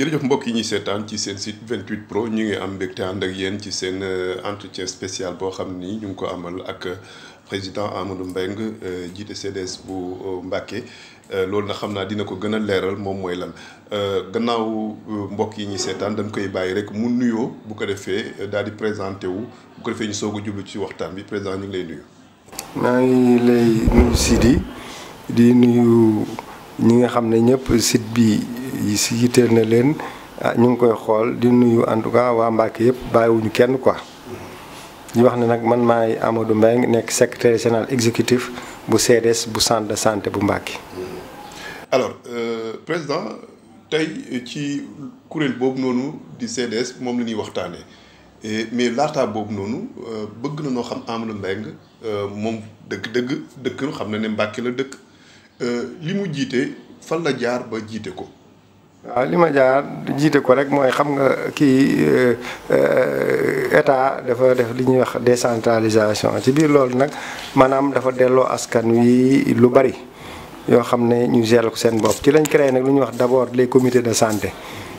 jërëjëf mbokk yi ñuy seetaan ci seen site 28 pro ñu ngi am mbégte ànd ak yéen ci seen euh, entretien spécial boo xam ni ñu ngi ko amal ak euh, président Amadou Mbengue euh, jiite CDS bu Mbàkke loolu na xam naa dina ko gën a leeral moom mooy lan gannaaw mbokk yi ñu seetaan dañ koy bàyyi rek mu nuyoo bu ko defee daal di présenté wu bu ko defee ñu soog a jublu ci waxtaan bi président ñu ngi lay nuyu. maa ngi lay nuyu Sidi di nuyu ñi nga xam ne ñëpp site bi. yi si yitteel na leen ah ñu ngi koy xool di nuyu en tout cas waa Mbacke yëpp bàyyiwuñu kenn quoi. ñu wax ne nag man maay Amadou Mbengue nekk secrétaire général exécutif bu CDS bu centre de santé bu Mbacke. Hmm. alors euh, président tey ci kuréel boobu noonu di CDS moom la ñuy waxtaanee mais laataa boobu noonu euh, bëgg na noo xam Amadou Mbengue euh, moom dëgg-dëgg dëkk xam na ne Mbacke la dëkk euh, li mu jiite fan la jaar ba jiite ko. waaw li jiite ko rek mooy xam nga kii euh, euh, état dafa def li ñuy wax décentralisation ci biir loolu nag maanaam dafa delloo askan wi lu bari yoo xam ne ñu géré ko seen bopp ci lañ créé nag lu ñuy wax d'abord les comités de santé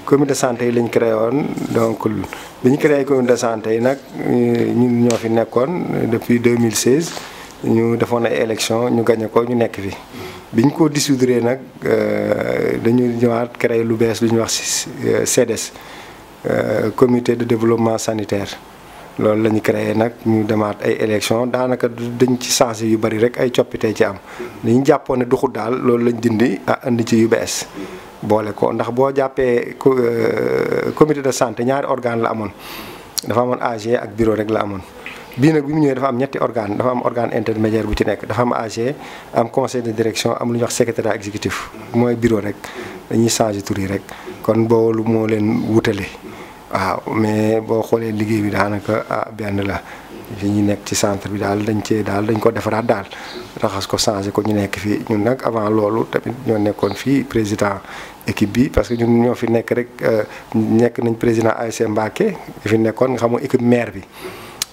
comité de santé yi lañ créé woon donc bi ñu créé comité de santé yi nag euh, ñu ñoo fi nekkoon depuis 2016 ñu defoon ay élection ñu gagné ko ñu nekk fi bi ñu ko dissoudre nag euh, dañu ñëwaat créé lu bees lu ñuy wax CDS euh, euh, comité de développement sanitaire loolu lañu ñu nag ñu demaat ay élection daanaka dañ ci changé yu bari rek ay coppite ci am dañu jàppoon ne duxu daal loolu lañ dindi ah indi ci yu bees boole ko ndax boo jàppee comité de santé ñaari organe la amoon dafa amoon AG ak bureau rek la amoon bii nag bi mu ñëwee dafa am ñetti organe dafa am organe intermédiaire bu ci nekk dafa am AG am conseil de direction am lu ñuy wax secrétariat exécutif mooy bureau rek dañuy changé tur yi rek kon boo lu moo leen wutale waaw mais boo xoolee liggéey bi daanaka ah, benn la fi ñu nekk ci centre bi daal dañ cee daal dañ ko defaraat daal raxas ko changé ko ñu nekk fii ñun nag avant loolu tamit ñoo nekkoon fii président équipe bi parce que ñu ñoo fi nekk rek euh, nekk nañ président ASC Mbacké fi nekkoon xam équipe maire bi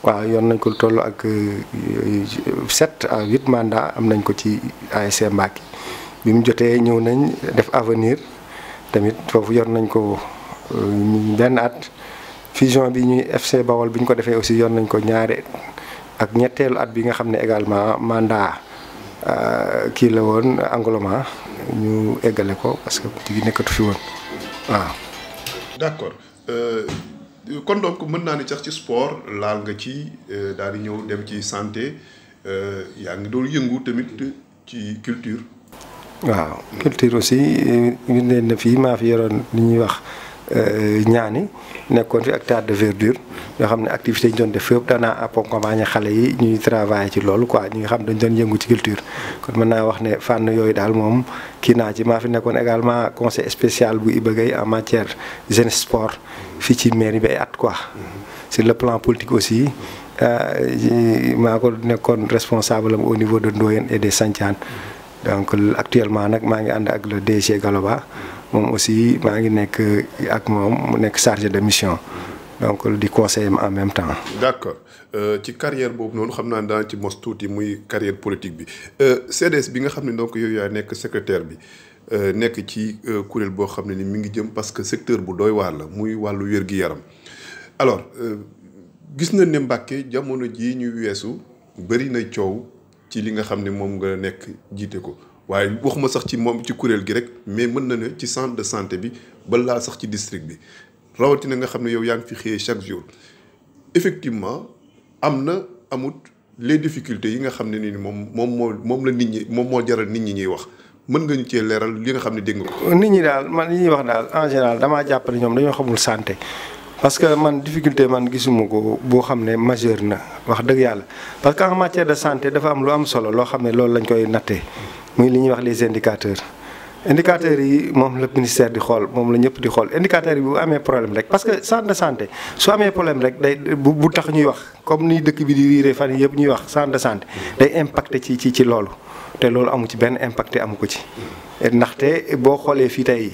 waaw yoon nañ ko toll ak euh, euh, sept à huit mandats am nañ ko ci ac Mbacké bi mu jotee ñëw nañ def avenir tamit foofu yoon nañ ko euh, benn at fusion bi ñuy FC Bawol bi ñu ko defee aussi yoon nañ ko ñaare ak ñetteelu at bi nga xam ne également mandat kii la woon Angloma ñu eggale ko parce que jigi nekkatu fi woon waaw kon donc mën naa ne sax ci sport laal nga ci euh, daal di ñëw dem ci santé euh, yaa ngi doon yëngu tamit ci culture. waaw culture aussi ñu euh, na fii maa fi yoroon li ñuy wax. Euh, ñaani nekkoon fi ak théâtre de verdure yoo xam ne activité yi ñu doon def fépp danaa accompagner xale yi ñuy travailler ci loolu quoi ñi ngi xam dañ doon yëngu ci culture kon mën naa wax ne fànn yooyu daal moom kii naa ci maa fi nekkoon également conseil spécial bu Iba Gueye en matière jeunesse sport fii ci maire bi ay at quoi si le plan politique aussi euh, maa ko nekkoon responsable am au niveau de Ndoyen et des Santiane donc actuellement nag maa ngi ànd ak le DG Galoba moom aussi maa ngi nekk ak moom mu nekk chargé de mission donc di conseiller ma en même temps. d' accord euh, ci carrière boobu noonu xam naa daan ci mos tuuti muy carrière politique bi euh, CDS bi nga xam ne donc yow yaa nekk secrétaire bi euh, nekk ci kuréel boo xam ne ni mi ngi jëm parce que secteur bu doy waar la muy wàllu wér-gi-yaram alors gis na ne Mbàkke jamono jii ñu weesu bëri na coow ci li nga xam ne moom nga nekk jiite ko. waaye waxuma sax ci moom ci kuréel gi rek mais mën na ne ci centre de santé bi balaa sax ci district bi rawatina nga xam ne yow yaa ngi fi xëyee chaque jour effectivement am na amut les difficultés yi nga xam ne ni moom moom moo moom la nit ñi moom moo jaral nit ñi ñuy wax mën nga ñu cee leeral li nga xam ne dégg nga ko. nit ñi daal man li ñuy wax daal en général damaa jàpp ne ñoom dañoo xamul santé parce que man difficulté man gisuma ko boo xam ne majeur na wax dëgg yàlla parce que en matière de dafa am lu am solo loo xam ne loolu lañ koy nattee. muy li ñuy wax les indicateurs indicateurs yi moom la ministère di xool moom la ñëpp di xool indicateurs yi bu amee problème rek parce que centre de santé su amee problème rek day bu bu tax ñuy wax comme ni dëkk bi di riiree fan yi yëpp ñuy wax centre de santé day impacté ci ci ci loolu te loolu amu ci benn impacte amu ko ci ndaxte boo xoolee fii tey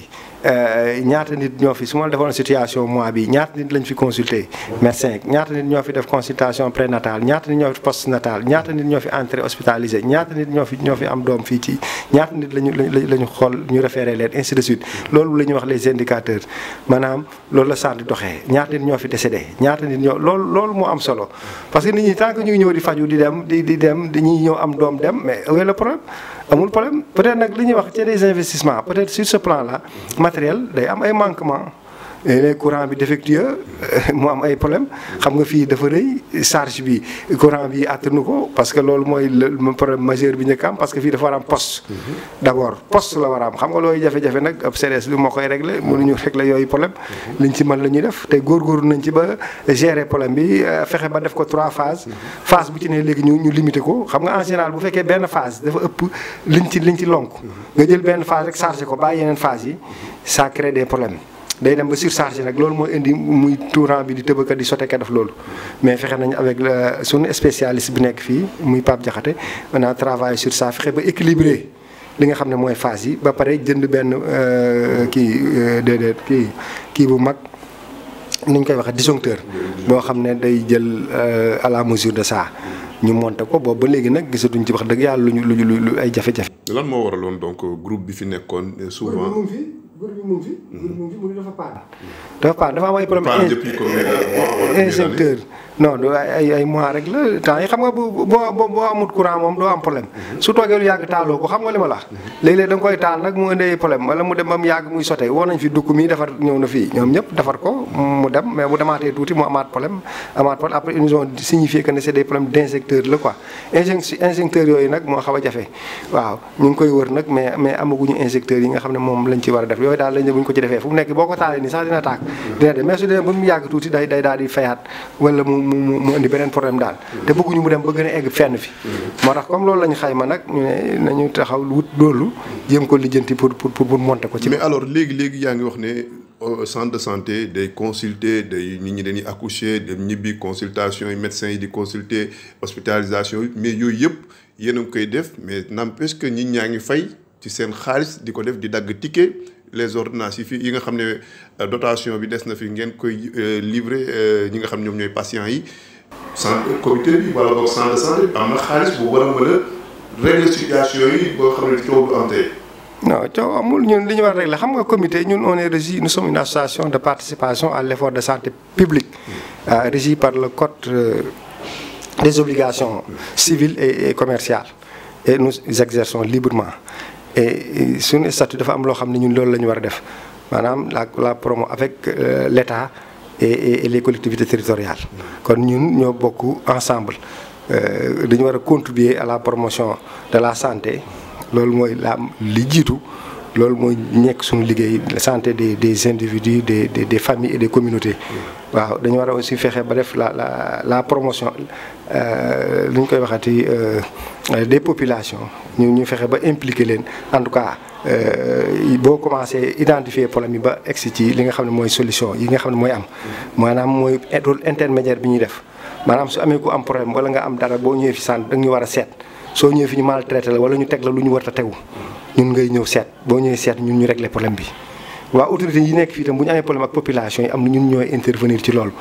Euh, ñaata nit ñoo fi suma la defoon situation mois bi ñaata nit lañ fi consulter médecin ñaata nit ñoo fi def consultation prénatale ñaata nit ñoo fi postnatal ñaata nit ñoo fi entré hospitalisé ñaata nit ñoo fi ñoo fi am doom fii ci ñaata nit lañu lañu xool ñu référé leen ainsi de suite loolu la ñuy wax les indicateurs maanaam loolu la santé doxee ñaata nit ñoo fi décédé ñaata nit ñoo loolu loolu moo am solo parce que nit ñi tant que ñu ñëw di faju di dem di di dem dañuy ñëw am doom dem mais où amul problème peut-être nag li ñuy wax ci des investissements être sur ce plan là matériel day am ay manquement léeg eh, courant bi défectueux mu am ay problème xam nga fii dafa rëy charge bi courant bi attanu ko parce que loolu mooy le problème majeur bi njëkk am parce que fii dafa war am poste. Mhm. d' la war a xam nga looy jafe-jafe nag moo CDS bi moo koy réglé mënuñu yooyu problème mhm. liñ ci man la ñuy def te góorgóorlu nañ ci ba gérer problème bi euh, fexe ba def ko trois phases. Mhm. phase bu ci ne léegi ñu ñu limité ko xam nga en général bu fekkee benn phase dafa ëpp liñ ci liñ ci lonk nga jël benn phase rek chargé ko bàyyi yeneen phase yi ça crée des problèmes. day dem ba surchargé nag loolu moo indi muy tourant bi di tëbëkat di sotekat def loolu mais fexe nañ avec sunu spécialiste bi nekk fii muy Pape Diakhaté naa a travaillé sur ça fexe ba équilibré li nga xam ne mooy phase yi ba pare jënd benn euh, kii euh, déedéet kii kii bu mag ni ñu koy waxee disjoncteur boo xam ne day jël euh, à la mesure de ça ñu monté ko boobu ba léegi nag gisatuñ ci wax dëgg yàlla lu ñu lu ñu ay jafe-jafe. lan moo waraloon donc groupe bi fi nekkoon souvent. mu ngi fi. ngir mu ngi fi mu ngi dafa paan. dafa am ay problème injecteur non du ay mois rek la temps yi xam nga boo boo amut courant moom doo am problème. su toogee ko xam nga li ma la wax. léeg-léeg da nga koy taal nag mu sote woo fi dukk mi defar ñëw fii ñoom ñëpp defar ko mu dem mais bu demaatee tuuti mu amaat problème amaat problème après ils nous ont signifié que ne yooyu nag moo xam a jafe waaw ñu ngi koy wër nag mais mais amaguñu injecteur yi nga xam ne moom lañ ci war a def yooyu daal lañ bu ñu ko ci defee fu mu nekk boo ko taalee nii sax dina tàkk dina dem tuuti day day daal di fayaat wala mu mu mu indi beneen problème daal te bëgguñu mu dem ba gën fenn fi moo tax comme loolu lañ xayma nag nañu taxaw wut loolu jéem ko lijjanti pour pour pour monter ko ci mais alors léegi léegi yaa ngi wax ne euh, centre de santé day consulter day nit ñi dañuy accoucher dem ñibbi consultation yi médecins yi di consulter hospitalisation yi mais yooyu yëpp yéen a ngi koy def mais n'empêche que nit ñaa ngi fay ci seen xaalis di ko def di dagg ticket les ordonnances yi yi nga xam ne euh, dotation bi des na fi ngeen koy euh, livrer euh, ñi nga xam ñoom ñooy patients yi. sans comité bi wala boog centre de santé am na xaalis bu war a mën a régler situation yi boo xam ne coow du am tey. non coow amul ñun li ñu war a régler xam nga comité ñun on est régi nous sommes une association de participation à l' effort de santé publique. Mm. régie par le code des obligations civiles et commerciales et nous exerçons librement. et suñu statut dafa am loo xam ne ñun loolu la ñu war a def maanaam la la promo avec euh, l' état et les collectivités territoriales. kon ñun ñoo bokk ensemble euh, dañu war a contribuer à la promotion de la santé loolu mooy la li jiitu. loolu mooy ñekk suñu liggéey santé des des individus des des des familles et des communautés. waaw dañu war a aussi fexe ba def la la la promotion euh, lu ñu koy waxati des populations. ñu ñu fexe ba impliqué leen en tout cas euh, boo commencé identifier problème bi ba egsi ci li nga xam ne mooy solution yi nga xam ne mooy am maanaam mooy rôle bi ñuy def maanaam su amee ku am problème wala nga am dara boo ñëwee fi sant da nga war a seet soo ñëwee fi ñu maltraité la wala ñu teg la lu ñu war a tegu ñun ngay ñëw seet boo ñëwee seet ñun ñu régler problème bi waa autorité yi nekk fii tam bu ñu amee problème ak population yi am na ñun ñooy intervenir ci loolu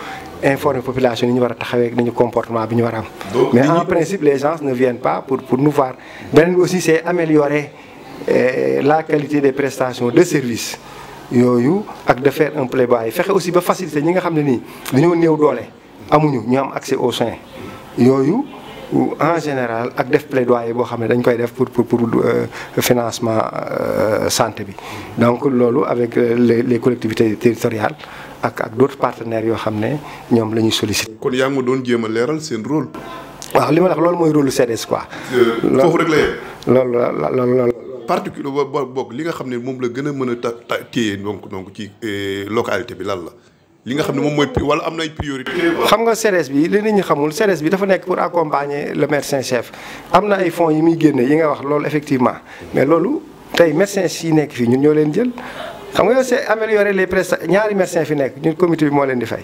informer population ni ñu war a taxawee ak nañu comportement bi ñu war a am. mais en principe les gens ne viennent pas pour pour nous voir. beneen bi aussi c' est améliorer euh, la qualité des prestations de service yooyu ak de faire un plaidoyer fexe aussi ba faciliter ñi nga xam ne nii dañoo néew doole amuñu ñu am accès aux soins yooyu. en général ak def plaidoyer boo xam ne dañ koy def pour pour pour euh, financement euh, santé bi donc loolu avec euh, les les collectivités territoriales ak ak d'autres partenaires yoo xam ne ñoom la ñuy solliciter. kon yaa ngi ma doon jéem a leeral seen rôle. waaw li ma la loolu mooy rôle lu CDS quoi. foofu rek la loolu la loolu loolu. particulier ba boobu li nga xam ne moom la gën a mën a ta téye donc donc ci localité bi lan la. li nga xam ne moom mooy wala am nay priorité. xam nga CRS bi li nit ñi xamul CRS bi dafa nekk pour accompagner le médecin chef am na ay fonds yi muy génne yi nga wax loolu effectivement mais loolu tey médecin si nekk fii ñun ñoo leen jël xam nga c'est améliorer les prestations ñaari médecin fi nekk ñu comité bi moo leen di fay.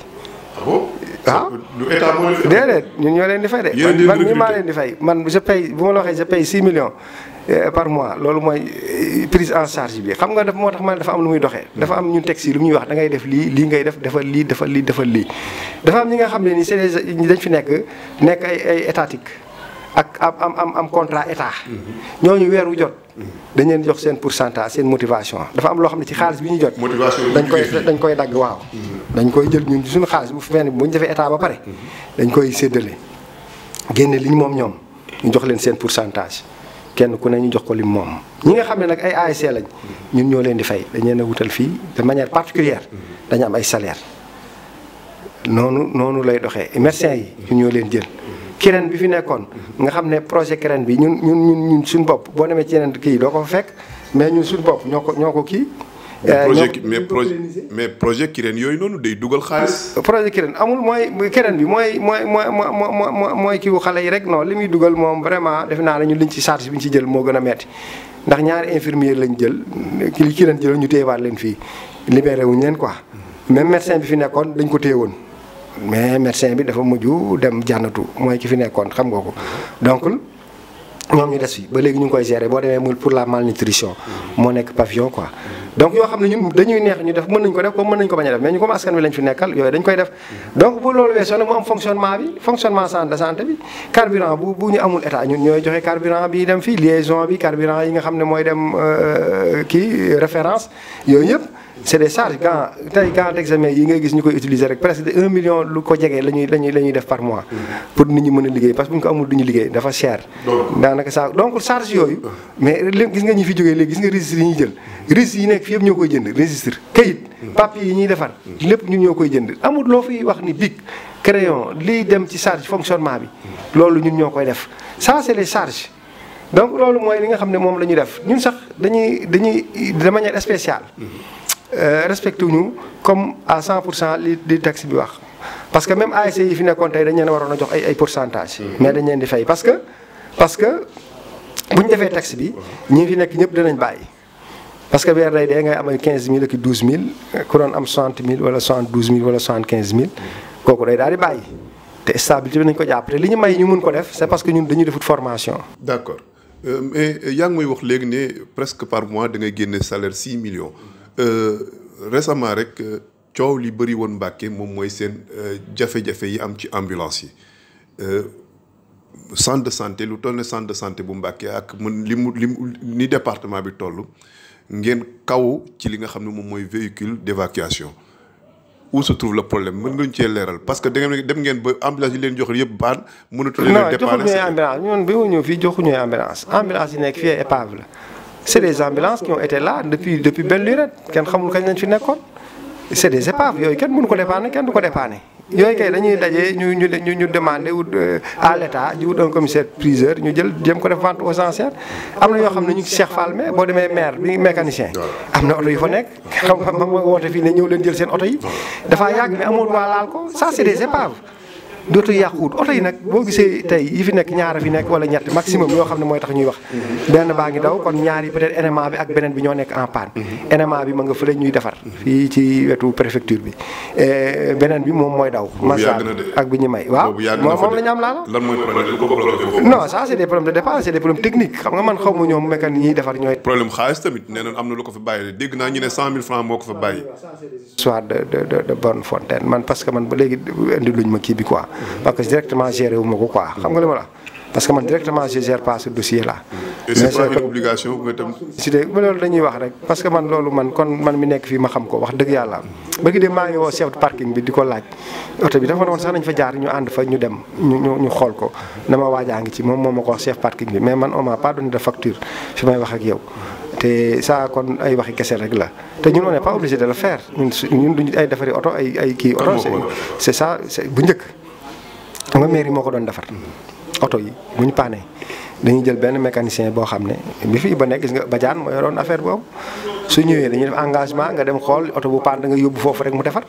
ah du ah? état moo leen di fay déedéet ñun ñoo leen di fay de. man ñu maa leen di fay man je paye bu ma la waxee je pay 6 millions. Euh, par mois loolu mooy euh, prise en charge bi xam nga daf moo tax ma ne dafa am lu muy doxee dafa am ñun texte yi lu muy wax da ngay def lii lii ngay def defal lii defal lii defal lii dafa am ñi nga xam ne ni c'est dañ fi nekk nekk étatique ak am am am contrat état mm-hmm. ñooñu weer wu jot mm-hmm. dañ jox seen pourcentage seen motivation dafa am loo xam ne ci xaalis bi ñu jot dañ koy dañ koy dagg waaw mm-hmm. dañ koy jël ñun suñu xaalis bu fenn bu ñu defee état ba pare dañ koy séddale génne li ñu moom ñoom ñu jox leen seen pour centage kenn ku ne ñu jox ko lim moom ñi nga xam ne nag ay ASC lañ ñun ñoo leen di fay dañ leen a wutal fii de manière particulière dañu am ay salaire noonu noonu lay doxee médecins yi ñun ñoo leen jël keneen bi fi nekkoon nga xam ne projet keneen bi ñun ñun ñun ñun suñu bopp boo demee ci yeneen kii doo ko fa fekk mais ñun suñu bopp ñoo ko ñoo ko kii projet euh, mais projet mais projet Kirène yooyu noonu day dugal xaalis. Euh, projet kireen amul mooy Kirène bi mooy mooy mooy mooy mooy kii xale yi rek non li muy dugal moom vraiment def naa la ñu liñ ci charge bi ñu ci jël moo gën a metti ndax ñaari infirmier lañ jël ki li Kirène jël ñu téyewaat leen fii libéré wuñ leen ko même médecin bi fi nekkoon dañ ko téye woon mais médecin bi dafa mujj dem jànnatu mooy ki fi nekkoon xam nga ko ñoom ñu des fi ba léegi ñu ngi koy gérer boo demee muy pour la malnutrition moo nekk pavillon quoi donc yoo xam ne dañuy neex ñu def mën nañ ko def comme mën nañ ko bañ a def mais ñu comme askan wi lañ fi nekkal yooyu dañ koy def donc bu loolu weesoo nag mu am fonctionnement bi fonctionnement centre de bi carburant bu ñu amul état ñooy joxe carburant bi dem fii liaison bi carburant yi nga xam ne mooy dem euh, kii référence yooyu yëpp c' est des charges gants tey gants d' examen yi ngay gis ñu koy utiliser rek presque de 1 million lu ko jegee la ñuy la ñuy la ñuy def par mois. pour nit ñi mën a liggéey parce que bu ñu ko amul du ñu liggéey dafa yooyu. mais léegi gis nga ñi fi jógee léegi gis nga registre yi ñuy jël. registre yi nekk fi yëpp ñoo koy jënd registre kayit. papier yi ñuy defar. lépp ñun ñoo koy jënd amul loo fiy wax ni bic crayon lii dem ci charge fonctionnement bi. loolu ñun ñoo koy def ça c' est les charges. donc loolu mooy li nga xam ne moom la ñuy def ñun sax dañuy dañuy de manière spéciale. Euh, respecté ñu comme à cent pour cent li li tax bi wax parce que même ASC e yi fi nekkoon tey dañ leen waroon a jox ay pour pourcentage mm-hmm. mais dañ leen di fay parce que parce que bu ñu defee tax bi ñi fi nekk ñëpp danañ bàyyi. parce que weer day am ngay amal 15000 ak 12000 ku doon am 60000 wala wala 75000 kooku day daal di bàyyi te stabilité bi nañ ko jàpp te li ñu may ñu mun ko def c'est parce que ñun dañuy defut formation. d'accord euh, mais yaa ngi may wax léegi ne presque par mois da ngay génne salaire 6 millions. Euh, récemment rek euh, coow li bëri woon Mbàkke moom mooy seen euh, jafe-jafe yi am ci ambulance yi centre de santé lu toll ne centre de santé bu Mbàkke ak mën li mu li mu ni département bi toll ngeen kaw ci li nga xam ne moom mooy véhicule d'évacuation où se trouve le problème mën nga ñu cee leeral parce que da dem ngeen ba ambulance yi leen jox yëpp baan mënatu leen dépanner non joxuñu ambulance ñun bi mu yi nekk fii épave la c'est des ambulances qui ont été là depuis depuis belle lurette kenn xamul kañ lañ fi nekkoon c'est des épaves yooyu kenn mënu ko dépanner kenn du ko dépanner yooyu kay dañuy daje ñu ñu ñu ñu demander wut euh, à l'état ñu wut un commissaire priseur ñu jël jëm ko def vente aux enchères am na yoo xam ne ñu ngi Cheikh mais boo demee maire bi mécanicien am na oto yu fa nekk xam nga ma woote fii ne ñëw leen jël seen oto yi dafaa yàgg mais amoo droit laal ko c'est des épaves dootul yàquwut oto yi nag boo gisee tey yi fi nekk ñaara fi nekk wala ñett maximum yoo xam ne mooy tax ñuy wax benn baa ngi daw kon ñaar yi peut-être NMA bi ak beneen bi ñoo nekk en panne NMA bi ma nga fële ñuy defar fii ci wetu préfecture bi eh, beneen bi moom mooy daw masa ak bi ñu may waaw moom la ñu am laala lan mooy problème de xam nga man xaw ma ñoom mécanique ñuy defar ñooy lu ko fa bàyyi dégg naa ko fa bàyyi histoire de de Fontaine man parce que man ba léegi indi luñ ma kii bi quoi parce que directement géré wu ma ko quoi xam nga li ma la parce que man directement je gère pas dossier là. mais tam. si de loolu dañuy wax rek parce que man loolu man kon man mi nekk fii ma xam ko wax dëgg yàlla ba gi maa ngi woo chef de parking bi di ko laaj oto bi dafa ne woon sax nañ fa jaar ñu ànd fa ñu dem ñu ñu ñu xool ko dama waajaa ngi ci moom moo ma ko wax chef parking bi mais man on m'a pas donné de facture fi may wax yow. te saa kon ay waxi kese rek la te ñun on n'est pas obligé ay defari oto ay ay kii oto c'est ça bu njëkk. xam nga mairie moo ko doon defar oto yi bu ñu paanee dañuy jël benn mécanisien boo xam ne bi fii ba nekk gis nga Badiane moo yoroon affaire boobu su ñëwee dañuy def engagement nga dem xool oto bu paan da nga yóbbu foofu rek mu defar.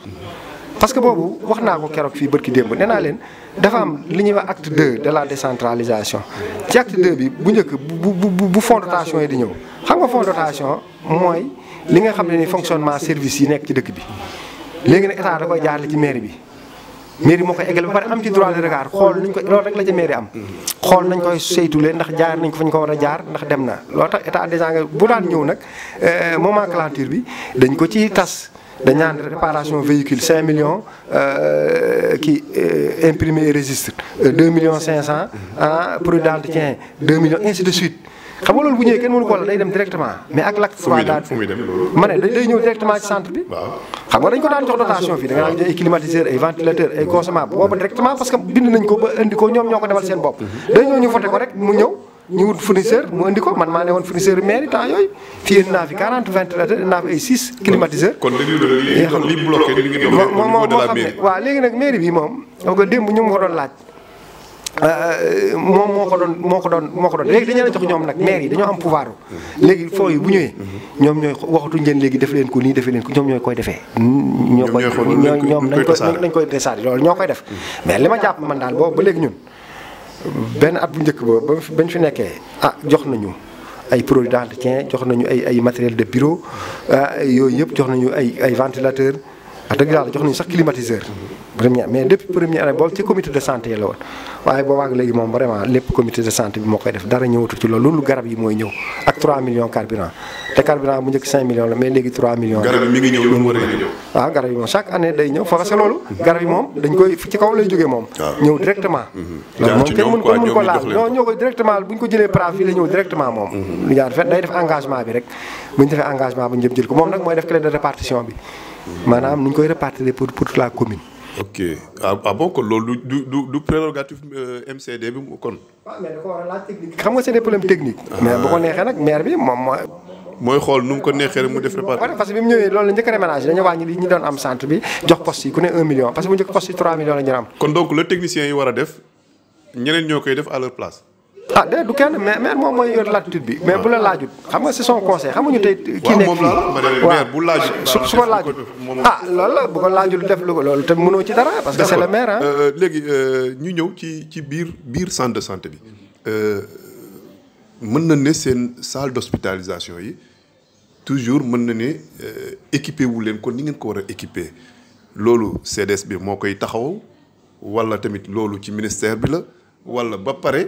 parce que boobu wax naa ko keroog fii bërki démb nee naa leen dafa am li ñuy wax acte de de la décentralisation ci acte 2 bi bu njëkk bu bu bu fonds de dotation yi di ñëw xam nga fonds dotation mooy li nga xam ne ni fonctionnement service yi nekk ci dëkk bi léegi nag état da koy ci mairie bi. mairie moo koy eggale ba pare am ci droit de regard xool nañ koy loolu rek la ca mairie am. xool nañ koy saytule ndax jaar nañ ko fa ñu ko war a jaar ndax dem na loo tax état des engrais bu daan ñëw nag euh, moment clôture bi dañ ko ci tas. dañ naan réparation véhicule 5 millions euh, kii euh, imprimé et registre 2 millions 500 ah produit d'entretien 2 millions ainsi de suite. xam nga loolu bu ñëwee kenn mënu ko wala day dem directement mais ak l'acte trois day ñëw directement ci centre bi xam nga dañ ko daan jox dotation fii da nga naan ay climatiseur ay ventilateur ay consommable booba directement parce que bind nañ ko ba indi ñoom ñoo ko demal seen bopp day ñëw ñu voté ko rek mu ñëw ñu wut mu indi man maa woon fournisseur mairie temps yooyu fii indi naa fi ventilateur indi ay 6 climatiseur kon moom xam moom moo ko doon moo ko doon moo ko doon léegi dañu leen jox ñoom nag maire yi dañoo am pouvoir léegi foo yi bu ñëwee ñoom ñooy waxatuñ leen léegi def leen ko nii def leen ko ñoom ñooy koy defee ñoo koy ñoom nañ koy nañ koy desaari loolu ñoo koy def mais li ma jàpp man daal boobu ba léegi ñun benn at bu njëkk ba ba bañ fi nekkee ah jox nañu ay produits d'entretien jox nañu ay ay matériel de bureau ah, yooyu yëpp jox nañu ay ay ventilateur wax dëgg jox nañu sax climatiseur première mais depuis première année boobu ci comité de santé la woon waaye boobaag léegi moom vraiment lépp comité de santé bi moo koy def dara ñëwatul ci loolu loolu garab yi mooy ñëw ak 3 millions carburant te carburant bu njëkk millions mais léegi 3 millions. garab yi mi ngi ñëw lu war a ñëw. waaw ah, garab yi moom chaque année day ñëw fa parce que loolu. garab yi moom dañ koy ci kaw lay jógee moom. Ah. ñëw directement. Mhm. moom kenn mën ko mën ko laal ñoo ñoo koy directement bu ñu ko jëlee pra fii la ñëw directement moom. Mhm. lu jaar ok ah, ah kon loolu du du du prérogative euh, MCD bi mu kon. waaw mais da ko war a laaj technique. xam nga c'est des problèmes techniques. Ah. mais bu ko maire bi moom mooy. xool nu mu ko neexee rek mu def répartition. parce que bi mu ñëwee loolu njëkk a déménagé dañu wàññi li ñu doon am centre bi jox poste yi ku ne 1 million parce que bu njëkk poste yi 3 millions la ñu am. kon donc le technicien yi war a def ñeneen ñoo koy def à leur place. ah déedéet du kenn mais maire moom mooy yor latitude bi. mais bu la laajut xam nga c'est son conseil xam nga ñu tey. kii nekk fii waaw bu laajut su su ko laajut ah loolu la bu ko laajul def lu ko loolu te mënoo ci dara. parce que c'est le maire euh, euh, euh, ñu ñëw ci ci biir biir centre de santé bi mën na ne seen salle d'hospitalisation yi toujours mën na ne équipé wu leen kon ni ngeen ko war a équipé loolu bi moo koy taxaw wala tamit loolu ci ministère bi la wala ba pare.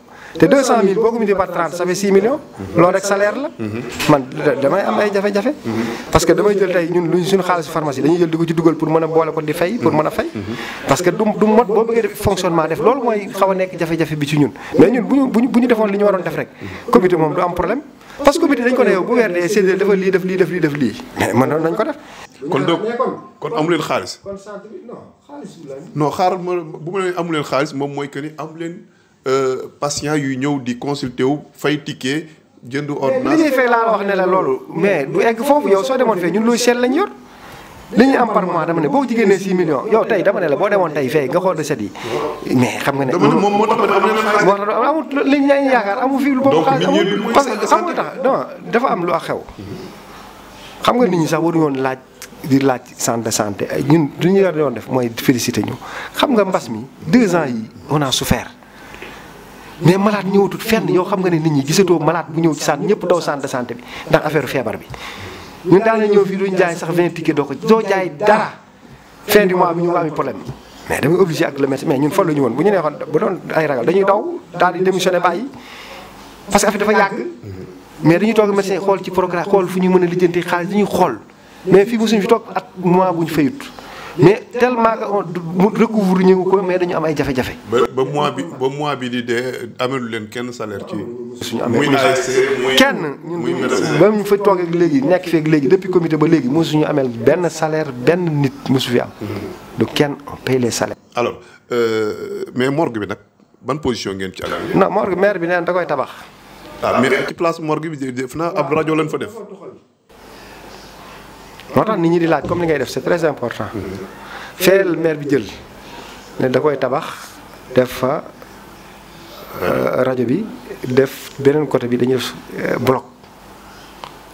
te 200000 boo ko multiplié par 30 mhm. rek salaire la. Mhm. man damay am ay jafe-jafe. Mhm. parce que damay jël tey ñun luñ suñu xaalisu pharmacie dañuy jël di ko ci dugal pour mën a boole ko di fay pour mën a fay. parce que du mot boo bëggee def fonctionnement def loolu mooy xaw a nekk jafe-jafe bi ci ñun mais ñun bu ñu bu ñu bu ñu defoon li ñu waroon def rek comité moom du am problème. parce que comité dañ ko ne yow bu weer dee séddale dafa lii def lii def lii def lii mais mën nañ xaalis. non xaalis bu xaaral ma amu xaalis moom mooy que ni amu leen Euh, patient yuy ñëw di consulter wu fay ticket jënd ordonnance. mais li ñuy fay laa wax ne la loolu. mais du egg foofu yow soo demoon fee ñun luy seet lañ yor. li ñu am par mois dama ne boo ci génnee 6 millions yow tey dama ne boo demoon tey fee nga xool recette yi mais xam ne. moom moo tax ma ne amul li parce que xam nga tax non dafa am lu ak xew. xam nga nit ñi sax waruñu woon laaj di laaj centre de santé ñun du ñuy la doon def mooy félicité ñu xam nga mbas mi 2 ans yi on a souffert. mais malaat ñëwatul fenn yow xam nga ne nit ñi gisatoo malaat bu ñëw ci santé ñëpp daw centre de santé bi ndax affaire feebar bi ñun daana ñëw fii duñ jaay sax 20 ticket doo ko doo jaay dara fin du mois bi ñu ngi amee problème mais damay obligé ak le médecin woon ñu neexoon bu doon ay ragal dañuy daw daal di démissionné bàyyi parce que dafa yàgg mais dañuy toog médecin xool ci programme xool fu ñu mën a lijjanti xaalis dañuy xool mais fii mosuñu fi toog at mois bu ñu fayut mais tellement que on recouvre ñu ko mais dañu am ay jafe-jafe. ba mois bi ba mois bi di dee amalu leen kenn salaire ci. suñu amee kenn ñun ba ñu fa toog ak léegi nekk feeg léegi depuis comité ba léegi mosu suñu ameel benn salaire benn nit mosu fi am. du kenn on paye les salaires. alors euh, mais morgue bi nag ban position ngeen ci àll. non morgue maire bi neen da koy tabax. ah mais ci place morgue bi def naa ab rajo lañ fa def. moo tax nit ñi di laaj comme li ngay def c'est très important feel maire bi jël ne da koy tabax def fa euh, rajo bi def beneen côté bi dañuy def euh, bloc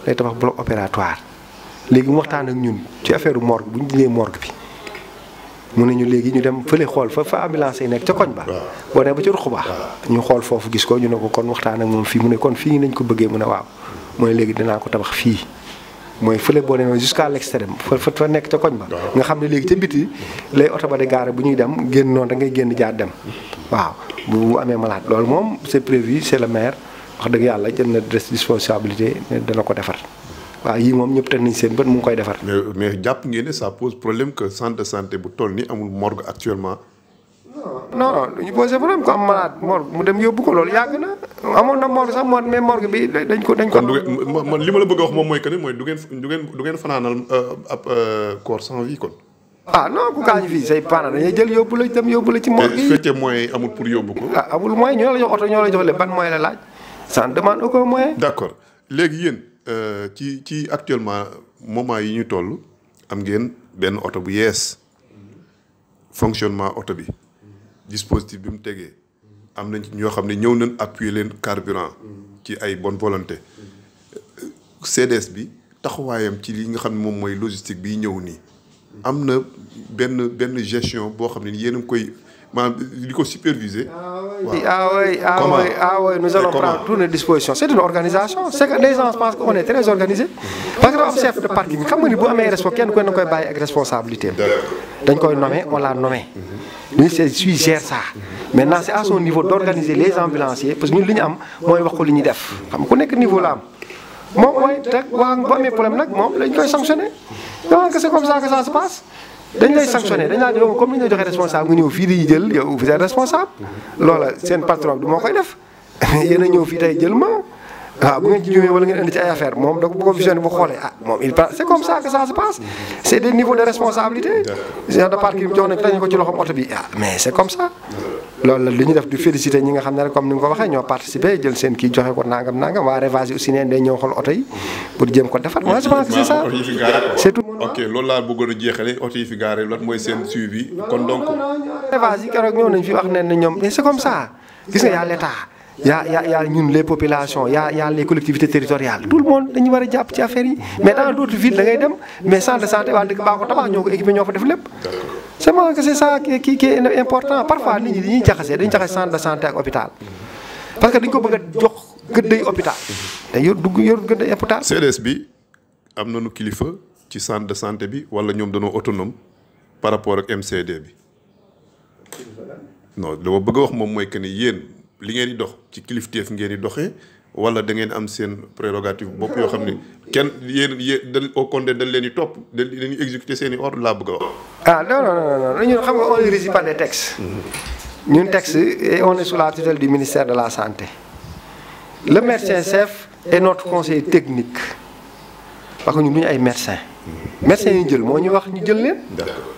day tabax léegi mu waxtaan ak ñun ci affaire morgue bu ñu dindee morgue bi mu ne ñu léegi ñu dem fële xool fa fa ambulance yi nekk ca koñ ba boo ne ba ca ruq ba ñu xool foofu gis ko ñu ne ko kon waxtaan ak moom fii mu ne kon fii nañ ko bëggee mu ne waaw mu ne léegi dinaa ko tabax fii mooy fële boo demee jusqu' à fa fa nekk ca koñ ba. nga xam ne léegi ca biti lay oto ba di gaare bu ñuy dem génn noonu da ngay génn jaar dem. waaw bu amee malaat loolu moom c' est prévu c' est maire wax dëgg yàlla jël na responsabilité dana ko defar. waa yii moom ñëpp teg nañ seen bët mu ngi koy defar. mais mais jàpp ngeen ne ça pose problème que centre de santé bu toll nii amul morgue actuellement. non non duñu posé problème am mu dem yóbbu ko loolu yàgg na amoon na morgue sax moo mais morgue bi dañ ko dañ ko. man li ma la bëgg a wax moom mooy que ni mooy du ngeen du ngeen du ngeen fanaanal euh, ab euh, corps sans vie kon. ah non ku gaañu fii say jël yóbbu la dem yóbbu la ci morgue yi. fekkee moyen amul pour yóbbu ko. ah ñoo la jox oto ñoo la jox demande aucun moyen. d' accord léegi yéen euh, ci ci actuellement moment yi ñu toll am ngeen benn oto bu yees fonctionnement oto bi. dispositif bi mu tegee am nañ ñoo xam ne ñëw nañ appuyer leen carburant ci ay bon volonté CDS bi taxawaayam ci li nga xam ne moom mooy logistique bi ñëw nii am na benn benn gestion boo xam ne yéen a ngi koy maanaam di ko superviser. ah oui ah oui ah oui ah nous dispositions c' une organisation c' que les gens pensent que on organisé. parce que dafa am de parking xam nga ni bu amee responsabilité dañ koy nommé on l'a nommé. ministère suy gère ça. maintenant c' à son niveau d' organiser les ambulanciers parce que ñun li ñu am mooy wax ko li def ku nekk niveau la moom mooy teg bu amee problème nag moom lañ koy sanctionné comme ça que ça se passe. dañu lay sanctionné dañ laa yow comme ni ñu la joxee responsable nga ñëw fii di jël yow vous êtes responsable loola seen patron du moo koy def yéen a ñëw fii tey jël ma waaw bu ngeen ci juumee wala ngeen indi ci ay affaire moom da ko bëggoon bu xoolee ah moom il pense c' comme ça que ça se passe c' est de responsabilité genre de parking bi jox comme ça loolu la li ñu def du félicité ñi nga xam ne rek comme ni nga ko waxee ñoo participé jël seen kii joxe ko nangam nangam waa Révage yi aussi neen day ñëw xool oto yi pour jéem ko defar moi seen suivi kon donc Révage yi keroog ñëw nañ fi wax ne ne yaa a y' a y' a ñun les populations a y' a les collectivités territoriales tout le monde dañu war a jàpp ci affaire yi mais dans d' autres villes da ngay dem mais centre de santé waa dëkk ko tabax ñoo important parfois nit ñi dañuy jaxase dañuy jaxase centre de santé ak hôpital parce que dañ ko bëgg a jox gëddëy hôpital. te yor dugg yor gëddëy hôpital. CDS bi am nu kilifa ci centre de santé bi wala ñoom dañoo autonome par rapport ak MCD bi. no li ma bëgg a wax moom mooy que ni yéen. li ngeen di dox ci kilifteef ngeen di doxee wala da ngeen am seen prérogative bopp yoo xam ne kenn yéen yéen dañ au compte dañ leen di topp dañ di exécuter seen i ordre laa bëgg a wax. ah non non non ñun xam nga on est par des textes. ñun texte et on est la tutelle du ministère de la santé. le médecin chef est notre conseiller technique parce ñu ñun duñu ay médecins. médecins yi ñu jël moo ñu wax ñu jël leen. d'accord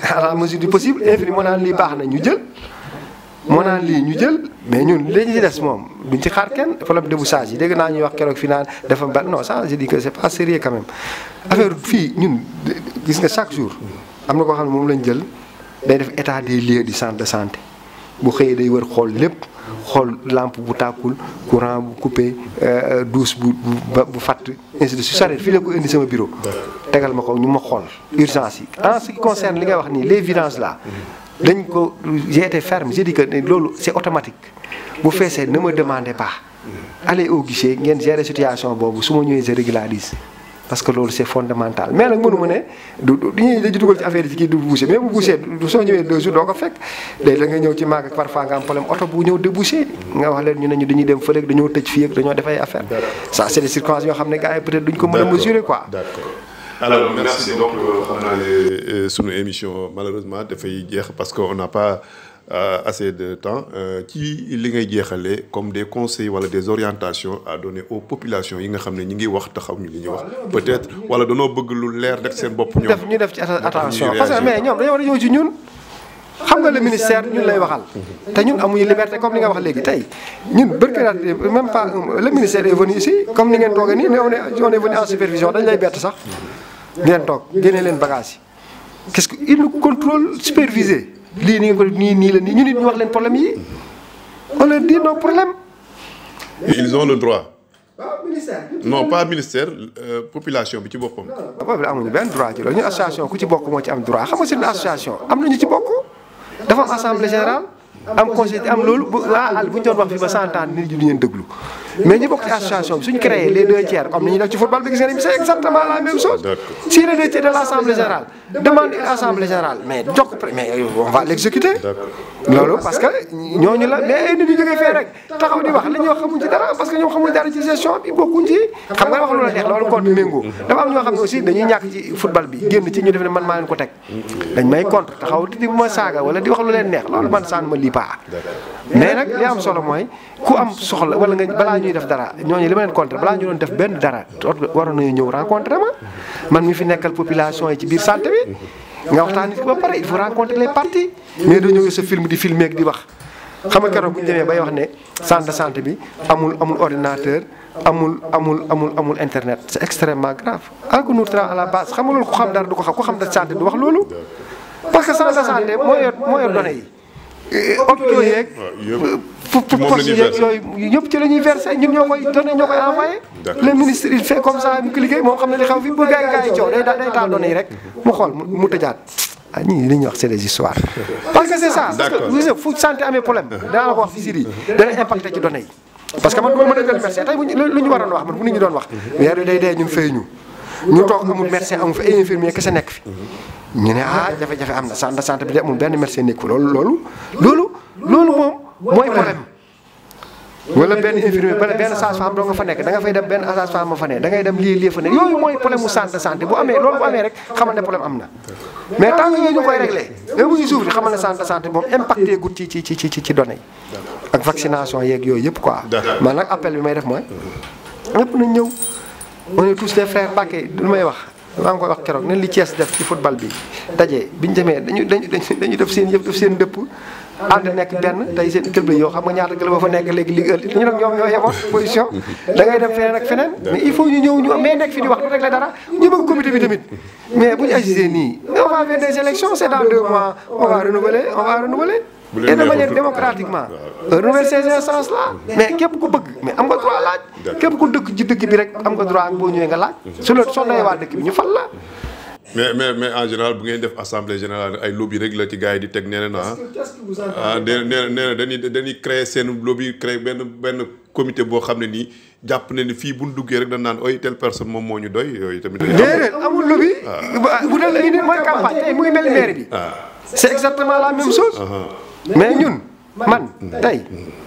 à la mesure du possible moo naan lii baax na ñu jël. moo naan lii ñu jël mais ñun li ñu des moom duñ ci xaar kenn problème débouchage yi dégg naa ñuy wax keroog fi naan dafa ba non ça je dis que c'est pas sérieux quand même affaire fii ñun gis nga chaque jour am na koo xam ne moom lañ jël day def état des lieux di centre de santé bu xëyee day wër xool lépp xool làmp bu tàkkul courant bu coupé euh, douche bu bu fatt ainsi de suite charette fii la ko indi sama bureau tegal ma ko ñu ma xool urgence yi en ce qui li nga wax nii les vidanges là dañ ko j'étais ferme j'ai loolu c'est automatique bu feesee ne me demandez pas allez au guichet ngeen gérer situation boobu su ma ñëwee je régularise parce que loolu c'est fondamental mais nag mënu ne du du ñuy dugal ci affaire yi ci kii du bouché mais bu bouché du soo ñëwee deux doo ko fekk day da ñëw ci màgg parfois nga am problème bu ñëw débouché nga wax leen ñu ne ñu dañuy dem fële dañoo tëj fii ak dañoo def affaire ça c'est des circonstances yoo xam alors merci donc xam naa ne sunu dafay jeex parce que on n'a pas euh, assez de temps euh, ci li ngay jeexalee comme des conseils wala des orientations à donner aux populations yi nga xam ne ñi ngi wax taxaw ñu li ñuy wax peut-être wala danoo bëgg lu leer rek seen bopp. ñu def ci attention parce que mais ñoom dañoo war a ñëw ci ñun. xam nga le ministère ñun lay waxal te ñun amuñu liberté comme ni nga wax léegi tey ñun bërkëraat même pas le ministère est venu ici comme ni ngeen toogee nii on est di leen toog génne leen bagage yi quest que il nous contrôle supervisé lii ni nga ko nii nii la nii ñu nit ñu wax leen problème yi on leur dit non problème mais ils ont le droit non pas ministère euh, population bi ci boppam bi amuñu benn droit ci loolu ñu association ku ci bokk moo ci am droit xam nga c'est une association am ñu ci bokk dafa am assemblée générale am conseil am loolu bu waa àll bu ñu doon wax fi ba cent ans nit ñi du ñu leen déglu mais ñi bokk ci association bi suñ créé la am ñoo xam ne dañuy ñàkk ci football bi génn ci ñu def ne man maa ko teg dañ may contre taxaw di ma saaga wala di wax lu leen neex loolu man saan ma lii baax mais nag li am solo mooy ku am soxla wala nga balaa ñuy def dara ñooñu li ma leen contre balaa ñu ñëw rencontré man mi fi nekkal population yi ci biir santé bi nga waxtaan nit ki ba pare il faut rencontrer les mais doo ñëw sa film di filmer ak di wax xam nga keroog bu ñu demee bay wax ne centre de santé bi amul amul ordinateur amul amul amul amul internet c'est extrêmement grave alors que la base xam nga loolu ku xam dara du ko xam ku xam dara santé du wax loolu parce que centre de santé moo yor moo yi hôpitaux yeeg moom yooyu yëpp ci ça parce que c'est ça fu santé amee problème danaa la ko wax fii si dana impacté ci données yi. parce que man du ma mën a jël lu ñu waroon wax man bu nit ñi doon wax. weer bi day dee ñun fay ñu toog amul médecin amul fi ay infirmier nekk fi ñu ne ah jafe-jafe am na santé santé bi de amul benn médecin nekk fi loolu loolu moom mooy problème wala benn infirmier wala benn sage-femme doo nga fa nekk da nga fay dem benn sage-femme ma fa ne da dem lii lii fa ne yooyu mooy problème mu santé bu amee loolu bu amee rek xamal ne problème am na mais tant que yooyu ñu koy réglé même ak yeeg yooyu yëpp quoi man nag appel bi may def mooy ñëpp nañ ñëw on est tous des frères Mbacké lu may wax maa ngi koy wax keroog nan li Thiès def ci football bi daje biñu demee dañu dañu dañu def seen yëpp def seen dëpp ànd nekk benn tey seen club yoo xam nga ñaata club ba fa nekk léegi ligue ñu nag bu ku dëkk ci dëkk bi rek am nga droit ak boo ñëwee nga laaj su la soo doyee waa bi ñu fal mais mais mais en général bu ngeen def assemblée générale ay lobby rek la ci gars yi di teg nee na ah, ah nee na nee na dañuy dañuy créer seen lobby créer benn benn comité boo xam ne nii jàpp ne ni fii bu ñu duggee rek dañ naan oy telle personne moom moo ñu doy yooyu tamit. déedéet amul lobby. bu dee lii nii mooy campagne tey mu ah. exactement ah. mais ñun. man tey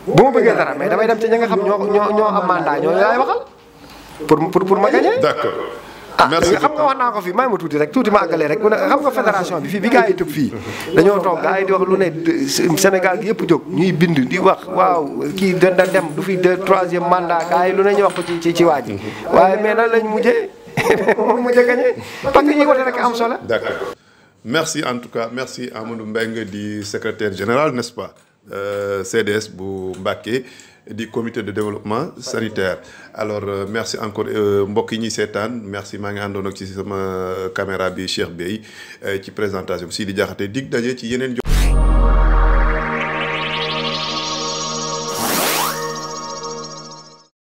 bu ma dara mais damay dem ci ña nga xam ñoo ñoo ñoo am mandat ñoo laay waxal pour pour ma gagner. d'accord. Ah, merci xam nga wax naa ko fii may ma tuuti rek tuuti ma àggale rek xam nga fédération bi fii bi gars yi tëb fii dañoo toog gars yi di wax lu ne Sénégal gi yëpp jóg ñuy bind di wax waaw kii dana dem du fi de troisième mandat gars yi lu ne ñu ko ci ci waa ji waaye mais nan lañ mujjee moom mujjee gagné parce ñuy wote rek am solo. d'accord merci en tout cas merci Amadou Mbengue di secretaire général n'est-ce pas euh, CDS bu Mbacké di comité de développement sanitaire alors euh, merci encore euh, mbokk yi ñuy seetaan merci maa ngi àndoon ak ci sama euh, caméra bi Cheikh Bey ci présentation bi di Diakhaté dig daje ci yeneen